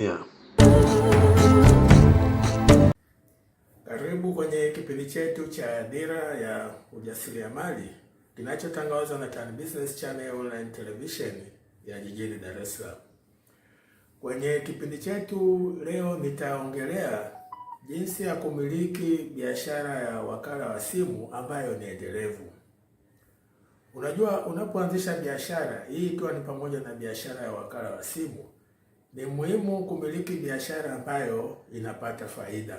Yeah. Karibu kwenye kipindi chetu cha Dira ya Ujasiriamali kinachotangazwa na Tan Business Channel Online Television ya jijini Dar es Salaam. Kwenye kipindi chetu leo nitaongelea jinsi ya kumiliki biashara ya wakala wa simu ambayo ni endelevu. Unajua, unapoanzisha biashara hii, ikiwa ni pamoja na biashara ya wakala wa simu ni muhimu kumiliki biashara ambayo inapata faida.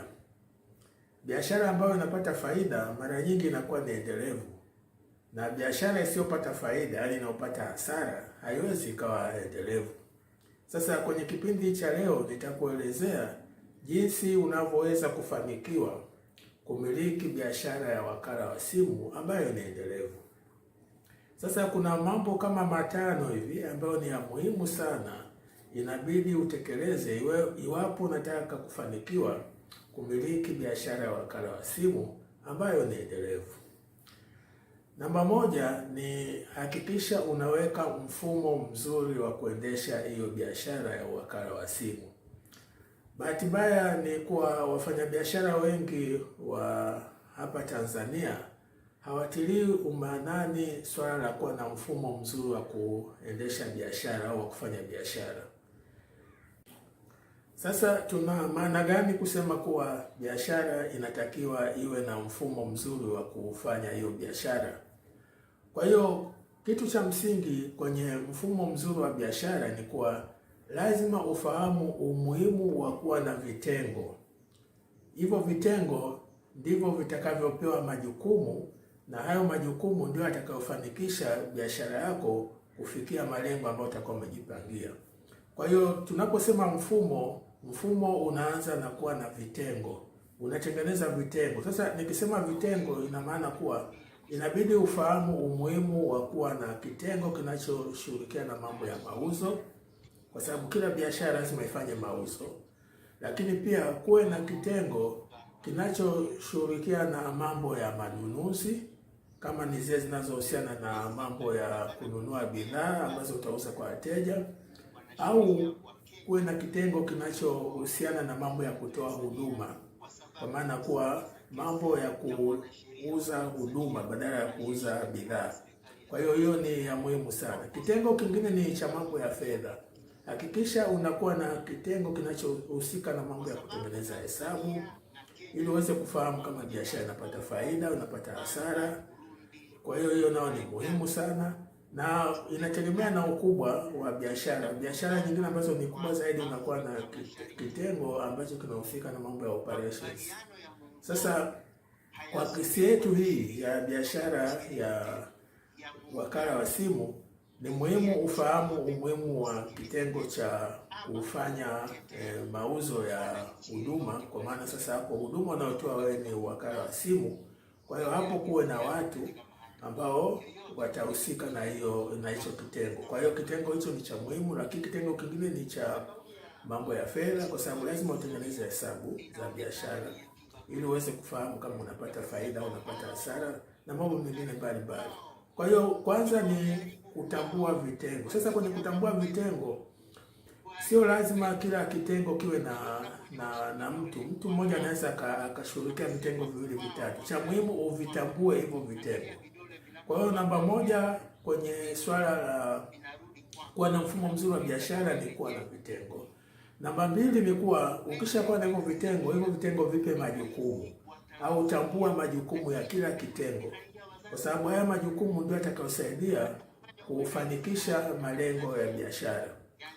Biashara ambayo inapata faida mara nyingi inakuwa ni endelevu, na biashara isiyopata faida, yaani inayopata hasara, haiwezi ikawa endelevu. Sasa kwenye kipindi cha leo nitakuelezea jinsi unavyoweza kufanikiwa kumiliki biashara ya wakala wa simu ambayo ni endelevu. Sasa kuna mambo kama matano hivi ambayo ni ya muhimu sana inabidi utekeleze iwe, iwapo unataka kufanikiwa kumiliki biashara ya wakala wa simu ambayo ni endelevu. Namba moja ni hakikisha unaweka mfumo mzuri wa kuendesha hiyo biashara ya wakala wa simu. Bahati mbaya ni kuwa wafanyabiashara wengi wa hapa Tanzania hawatilii umaanani swala la kuwa na mfumo mzuri wa kuendesha biashara au wa kufanya biashara. Sasa tuna maana gani kusema kuwa biashara inatakiwa iwe na mfumo mzuri wa kufanya hiyo biashara? Kwa hiyo kitu cha msingi kwenye mfumo mzuri wa biashara ni kuwa lazima ufahamu umuhimu wa kuwa na vitengo. Hivyo vitengo ndivyo vitakavyopewa majukumu na hayo majukumu ndio yatakayofanikisha biashara yako kufikia malengo ambayo utakuwa umejipangia. Kwa hiyo tunaposema mfumo mfumo unaanza na kuwa na vitengo, unatengeneza vitengo. Sasa nikisema vitengo, ina maana kuwa inabidi ufahamu umuhimu wa kuwa na kitengo kinachoshughulikia na mambo ya mauzo, kwa sababu kila biashara lazima ifanye mauzo, lakini pia kuwe na kitengo kinachoshughulikia na mambo ya manunuzi kama ni zile zinazohusiana na mambo ya kununua bidhaa ambazo utauza kwa wateja au uwe na kitengo kinachohusiana na mambo ya kutoa huduma, kwa maana kuwa mambo ya kuuza huduma badala ya kuuza bidhaa. Kwa hiyo hiyo ni ya muhimu sana. Kitengo kingine ni cha mambo ya fedha. Hakikisha unakuwa na kitengo kinachohusika na mambo ya kutengeneza hesabu ili uweze kufahamu kama biashara inapata faida, unapata hasara. Kwa hiyo hiyo nao ni muhimu sana na inategemea na ukubwa wa biashara. Biashara nyingine ambazo ni kubwa zaidi unakuwa na kitengo ambacho kinahusika na mambo ya operations. Sasa kwa kesi yetu hii ya biashara ya wakala wa simu ni muhimu ufahamu umuhimu wa kitengo cha kufanya e, mauzo ya huduma, kwa maana sasa hapo huduma unaotoa wewe ni wakala wa simu. Kwa hiyo hapo kuwe na watu ambao watahusika na hiyo na hicho kitengo. Kwa hiyo kitengo hicho ni cha muhimu, lakini kitengo kingine ni cha mambo ya fedha, kwa sababu lazima utengeneze hesabu za biashara ili uweze kufahamu kama unapata faida au unapata hasara na mambo mengine mbalimbali. Kwa hiyo kwanza ni kutambua vitengo. Sasa kwenye kutambua vitengo, sio lazima kila kitengo kiwe na na, na mtu mtu mmoja anaweza akashughulikia vitengo viwili vitatu. Cha muhimu uvitambue hivyo vitengo kwa hiyo namba moja kwenye swala la kuwa na mfumo mzuri wa biashara ni kuwa na vitengo. Namba mbili ni kuwa ukishakuwa na hivyo vitengo, hivyo vitengo vipe majukumu au tambua majukumu ya kila kitengo, kwa sababu haya majukumu ndio yatakayosaidia kufanikisha malengo ya biashara.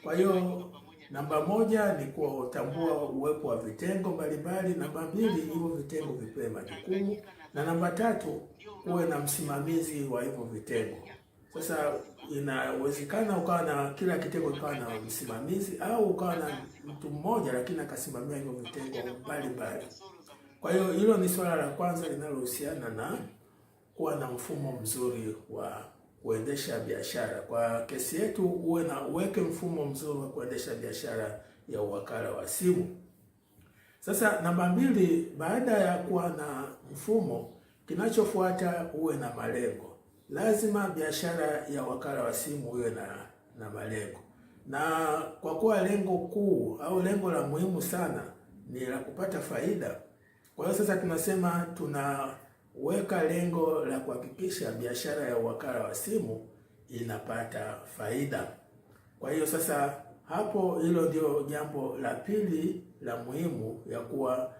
Kwa hiyo namba moja ni kuwa utambua uwepo wa vitengo mbalimbali. Namba mbili, hivyo vitengo vipewe majukumu, na namba tatu uwe na msimamizi wa hivyo vitengo. Sasa inawezekana ukawa na kila kitengo kikawa na msimamizi au ukawa na mtu mmoja lakini akasimamia hivyo vitengo mbalimbali. Kwa hiyo hilo ni swala la kwanza linalohusiana na kuwa na mfumo mzuri wa kuendesha biashara. Kwa kesi yetu, uwe na uweke mfumo mzuri wa kuendesha biashara ya uwakala wa simu. Sasa namba mbili, baada ya kuwa na mfumo Kinachofuata uwe na malengo. Lazima biashara ya wakala wa simu iwe na na malengo, na kwa kuwa lengo kuu au lengo la muhimu sana ni la kupata faida. Kwa hiyo sasa tunasema tunaweka lengo la kuhakikisha biashara ya wakala wa simu inapata faida. Kwa hiyo sasa hapo, hilo ndio jambo la pili la muhimu ya kuwa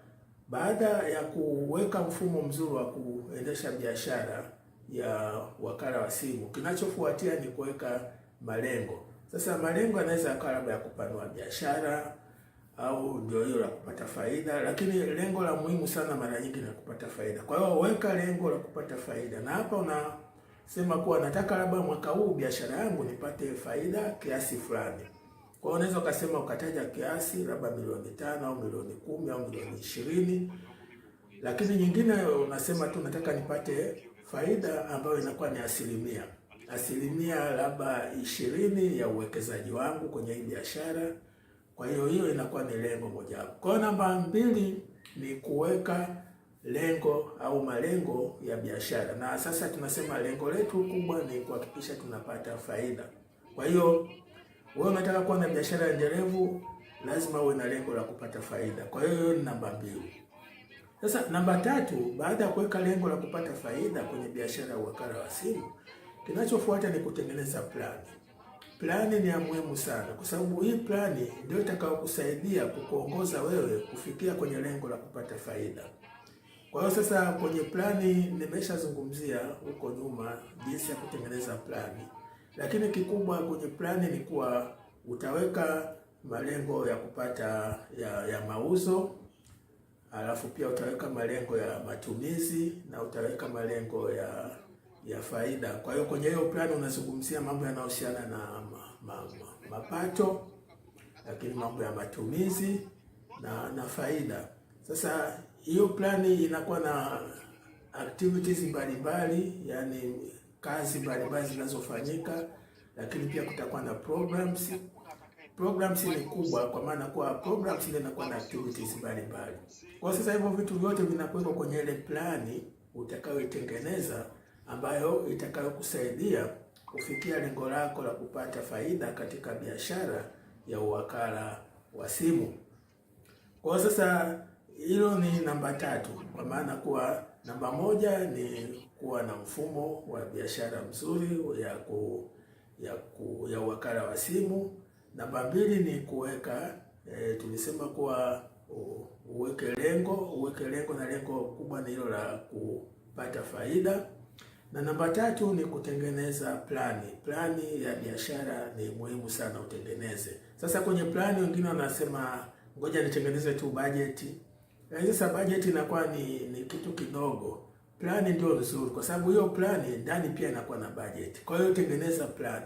baada ya kuweka mfumo mzuri wa kuendesha biashara ya wakala wa simu, kinachofuatia ni kuweka malengo. Sasa malengo yanaweza yakawa labda ya kupanua biashara au ndio hiyo la kupata faida, lakini lengo la muhimu sana mara nyingi ni kupata faida. Kwa hiyo weka lengo la kupata faida, na hapa unasema kuwa nataka labda mwaka huu biashara yangu nipate faida kiasi fulani. Kwa hiyo unaweza ukasema ukataja kiasi labda milioni tano au milioni kumi au milioni ishirini, lakini nyingine unasema tu nataka nipate faida ambayo inakuwa ni asilimia asilimia labda ishirini ya uwekezaji wangu kwenye hii biashara. Kwa hiyo hiyo inakuwa ni lengo wapo. Kwa hiyo namba mbili ni kuweka lengo au malengo ya biashara, na sasa tunasema lengo letu kubwa ni kuhakikisha tunapata faida. Kwa hiyo wewe unataka kuwa na biashara endelevu, lazima uwe na lengo la kupata faida. Kwa hiyo hiyo ni namba mbili. Sasa namba tatu, baada ya kuweka lengo la kupata faida kwenye biashara ya wakala wa simu, kinachofuata ni kutengeneza plani. Plani ni ya muhimu sana, kwa sababu hii plani ndio itakayokusaidia kukuongoza wewe kufikia kwenye lengo la kupata faida. Kwa hiyo sasa, kwenye plani nimeshazungumzia huko nyuma jinsi ya kutengeneza plani. Lakini kikubwa kwenye plani ni kuwa utaweka malengo ya kupata ya, ya mauzo, alafu pia utaweka malengo ya matumizi na utaweka malengo ya ya faida. Kwa hiyo kwenye hiyo plani unazungumzia mambo yanayohusiana na ma, ma, ma, mapato, lakini mambo ya matumizi na na faida. Sasa hiyo plani inakuwa na activities mbalimbali yani kazi mbalimbali zinazofanyika, lakini pia kutakuwa na programs. Programs ni kubwa kwa maana kuwa programs ile inakuwa na activities mbalimbali. Kwa sasa hivyo vitu vyote vinakuwekwa kwenye ile plani utakayoitengeneza ambayo itakayokusaidia kufikia lengo lako la kupata faida katika biashara ya uwakala wa simu. Kwa sasa hilo ni namba tatu, kwa maana kuwa namba moja ni kuwa na mfumo wa biashara mzuri ya ku, ya ku, ya wakala wa simu. Namba mbili ni kuweka e, tulisema kuwa uweke lengo uweke lengo, na lengo kubwa ni hilo la kupata faida, na namba tatu ni kutengeneza plani. Plani ya biashara ni muhimu sana utengeneze. Sasa kwenye plani, wengine wanasema ngoja nitengeneze tu bajeti na eh, sasa budget inakuwa ni, ni kitu kidogo. Plani ndio nzuri, kwa sababu hiyo plani ndani pia inakuwa na budget. Kwa hiyo tengeneza plani,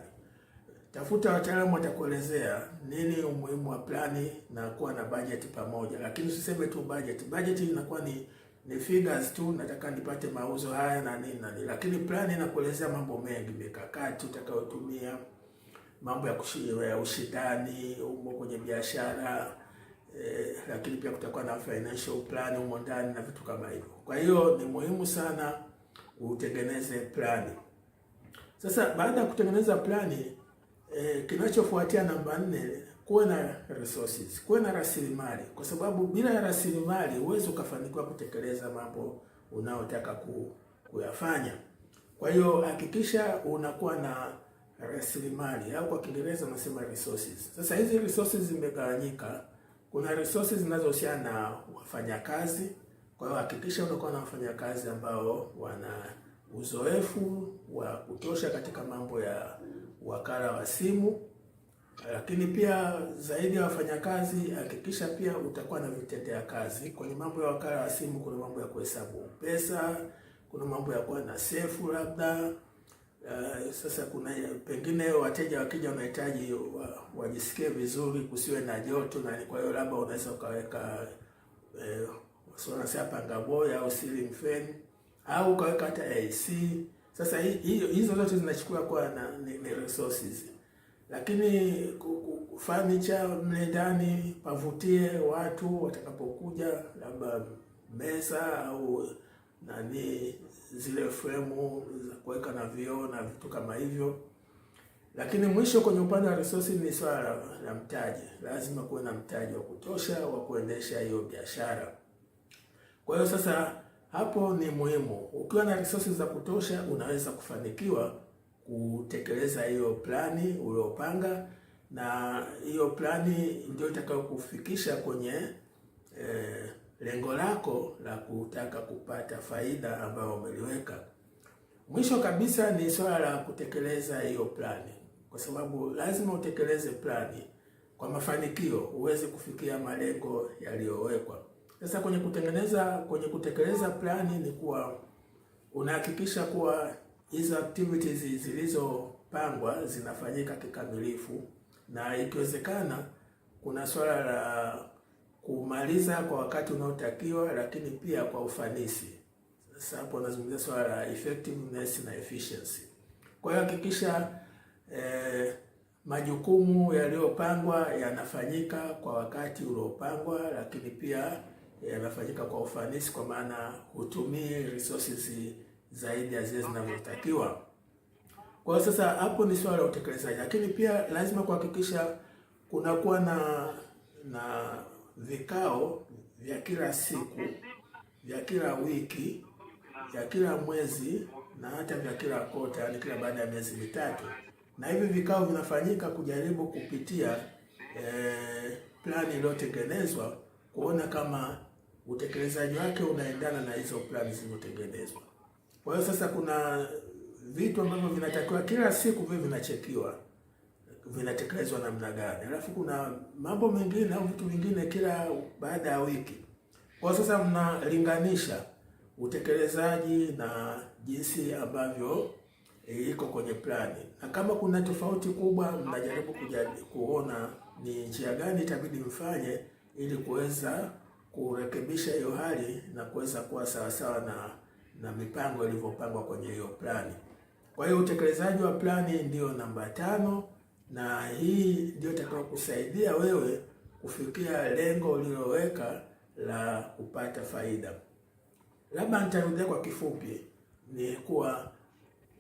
tafuta wataalamu watakuelezea nini umuhimu wa plani na kuwa na budget pamoja, lakini usiseme tu budget. Budget inakuwa ni ni figures tu, nataka nipate mauzo haya na nini na nini, lakini plani inakuelezea mambo mengi, mikakati utakayotumia, mambo ya kushiriki, ushindani umo kwenye biashara eh, lakini pia kutakuwa na financial plan humo ndani na vitu kama hivyo. Kwa hiyo ni muhimu sana utengeneze plani. Sasa baada ya kutengeneza plani eh, kinachofuatia namba nne, kuwe na resources, kuwe na rasilimali, kwa sababu bila rasilimali huwezi ukafanikiwa kutekeleza mambo unayotaka ku, kuyafanya. Kwa hiyo hakikisha unakuwa na rasilimali au kwa Kiingereza unasema resources. Sasa hizi resources zimegawanyika kuna resources zinazohusiana na wafanyakazi. Kwa hiyo hakikisha unakuwa na wafanyakazi ambao wana uzoefu wa kutosha katika mambo ya wakala wa simu, lakini pia zaidi ya wafanyakazi, hakikisha pia utakuwa na vitendea kazi. Kwenye mambo ya wakala wa simu, kuna mambo ya kuhesabu pesa, kuna mambo ya kuwa na sefu labda Uh, sasa kuna pengine wateja wakija wanahitaji wa, wajisikie vizuri, kusiwe na joto, na kwa hiyo labda unaweza ukaweka eh, panga pangaboya au ceiling fan au ukaweka hata AC. Sasa hizo zote zinachukua kwa na, ni, ni resources, lakini furniture mle ndani pavutie watu watakapokuja, labda meza au nani zile fremu za kuweka na vioo na vitu kama hivyo. Lakini mwisho kwenye upande wa resources ni swala la mtaji. Lazima kuwe na mtaji wa kutosha wa kuendesha hiyo biashara. Kwa hiyo sasa, hapo ni muhimu. Ukiwa na resources za kutosha, unaweza kufanikiwa kutekeleza hiyo plani uliopanga, na hiyo plani ndio itakayokufikisha kwenye eh, lengo lako la kutaka kupata faida ambayo umeliweka. Mwisho kabisa ni swala la kutekeleza hiyo plani, kwa sababu lazima utekeleze plani kwa mafanikio uweze kufikia malengo yaliyowekwa. Sasa kwenye kutengeneza kwenye kutekeleza plani ni kuwa unahakikisha kuwa hizo activities zilizopangwa zinafanyika kikamilifu, na ikiwezekana kuna swala la kumaliza kwa wakati unaotakiwa, lakini pia kwa ufanisi. Sasa hapo nazungumzia swala la effectiveness na efficiency. Kwa hiyo hakikisha eh, majukumu yaliyopangwa yanafanyika kwa wakati uliopangwa, lakini pia yanafanyika kwa ufanisi, kwa maana hutumii resources zaidi ya zile zinazotakiwa. Kwa hiyo sasa hapo ni swala la utekelezaji, lakini pia lazima kuhakikisha kunakuwa na na vikao vya kila siku, vya kila wiki, vya kila mwezi na hata vya kila kota, yaani kila baada ya miezi mitatu. Na hivi vikao vinafanyika kujaribu kupitia eh, plani iliyotengenezwa kuona kama utekelezaji wake unaendana na hizo plani zilizotengenezwa. Kwa hiyo sasa kuna vitu ambavyo vinatakiwa kila siku vile vinachekiwa vinatekelezwa namna gani. Alafu kuna mambo mengine au vitu vingine kila baada ya wiki. Kwa sasa mnalinganisha utekelezaji na jinsi ambavyo e, iko kwenye plani, na kama kuna tofauti kubwa, mnajaribu kuona ni njia gani itabidi mfanye ili kuweza kurekebisha hiyo hali na kuweza kuwa sawasawa na na mipango ilivyopangwa kwenye hiyo plani. Kwa hiyo utekelezaji wa plani ndiyo namba tano na hii ndio itakao kusaidia wewe kufikia lengo uliloweka la kupata faida. Labda nitarudia kwa kifupi, ni kuwa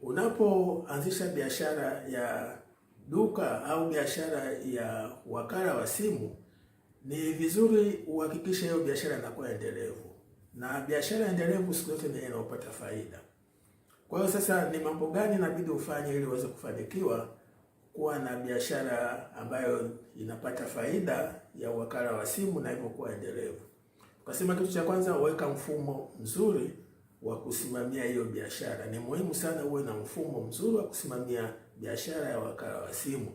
unapoanzisha biashara ya duka au biashara ya wakala wa simu, ni vizuri uhakikishe hiyo biashara inakuwa endelevu, na biashara endelevu siku zote ni inayopata faida. Kwa hiyo sasa, ni mambo gani inabidi ufanye ili uweze kufanikiwa kuwa na biashara ambayo inapata faida ya wakala wa simu na hivyo kuwa endelevu. Tukasema kitu cha kwanza, weka mfumo mzuri wa kusimamia hiyo biashara. Ni muhimu sana uwe na mfumo mzuri wa kusimamia biashara ya wakala wa simu.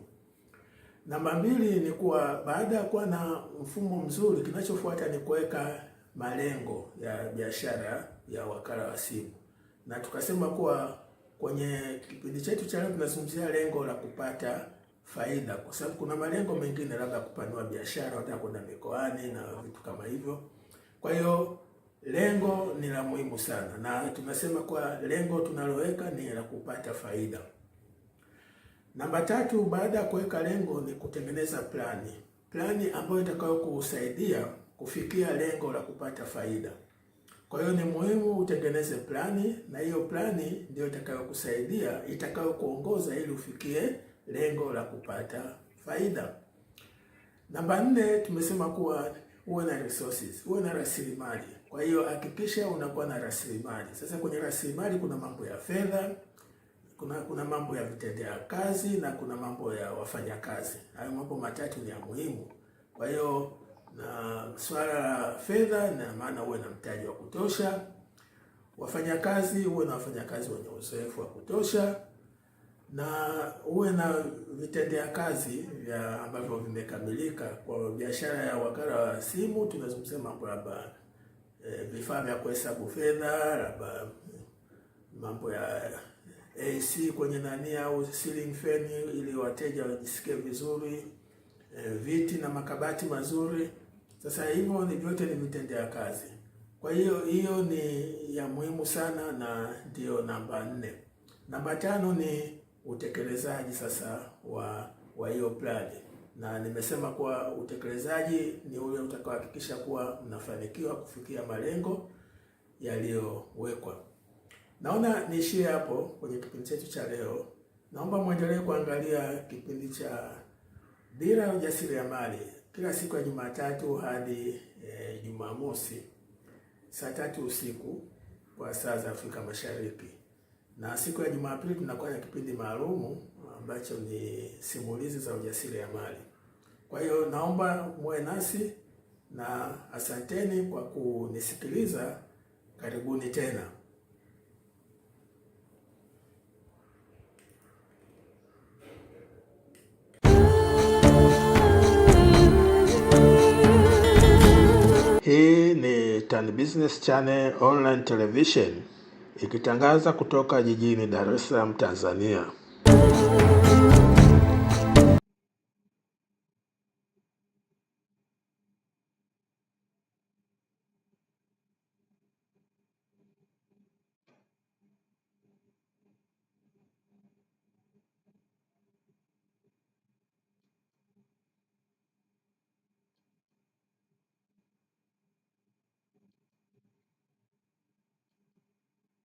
Namba mbili ni kuwa baada ya kuwa na mfumo mzuri, kinachofuata ni kuweka malengo ya biashara ya wakala wa simu, na tukasema kuwa Kwenye kipindi chetu cha leo tunazungumzia lengo la kupata faida, kwa sababu kuna malengo mengine, labda kupanua biashara, hata kwenda mikoani na vitu kama hivyo. Kwa hiyo lengo ni la muhimu sana, na tunasema kwa lengo tunaloweka ni la kupata faida. Namba tatu, baada ya kuweka lengo ni kutengeneza plani, plani ambayo itakayokusaidia kufikia lengo la kupata faida. Kwa hiyo ni muhimu utengeneze plani, na hiyo plani ndio itakayokusaidia itakayokuongoza ili ufikie lengo la kupata faida. Namba nne, tumesema kuwa uwe na resources, uwe na rasilimali. Kwa hiyo hakikisha unakuwa na rasilimali. Sasa kwenye rasilimali kuna mambo ya fedha, kuna kuna mambo ya vitendea kazi na kuna mambo ya wafanyakazi. Hayo mambo matatu ni ya muhimu. Kwa hiyo na swala la fedha, na maana uwe na mtaji wa kutosha, wafanyakazi, uwe na wafanyakazi wenye uzoefu wa kutosha, na uwe na vitendea kazi vya ambavyo vimekamilika. Kwa biashara ya wakala wa simu tunazungumzia mambo labda e, vifaa vya kuhesabu fedha, labda mm, mambo ya eh, AC kwenye nani au ceiling fan ili wateja wajisikie vizuri, e, viti na makabati mazuri. Sasa hivyo ni vyote ni kazi. Kwa hiyo hiyo ni ya muhimu sana, na ndiyo namba nne. Namba tano ni utekelezaji sasa wa wa hiyo plani, na nimesema kuwa utekelezaji ni ule utakaohakikisha kuwa mnafanikiwa kufikia malengo yaliyowekwa. Naona niishie hapo kwenye kipindi chetu cha leo. Naomba mwendelee kuangalia kipindi cha Dira ya Ujasiriamali kila siku ya Jumatatu hadi e, Jumamosi saa tatu usiku kwa saa za Afrika Mashariki, na siku ya Jumapili tunakuwa na kipindi maalumu ambacho ni simulizi za ujasiriamali. Kwa hiyo naomba muwe nasi na asanteni kwa kunisikiliza. Karibuni tena. Tan Business Channel Online Television ikitangaza kutoka jijini Dar es Salaam, Tanzania.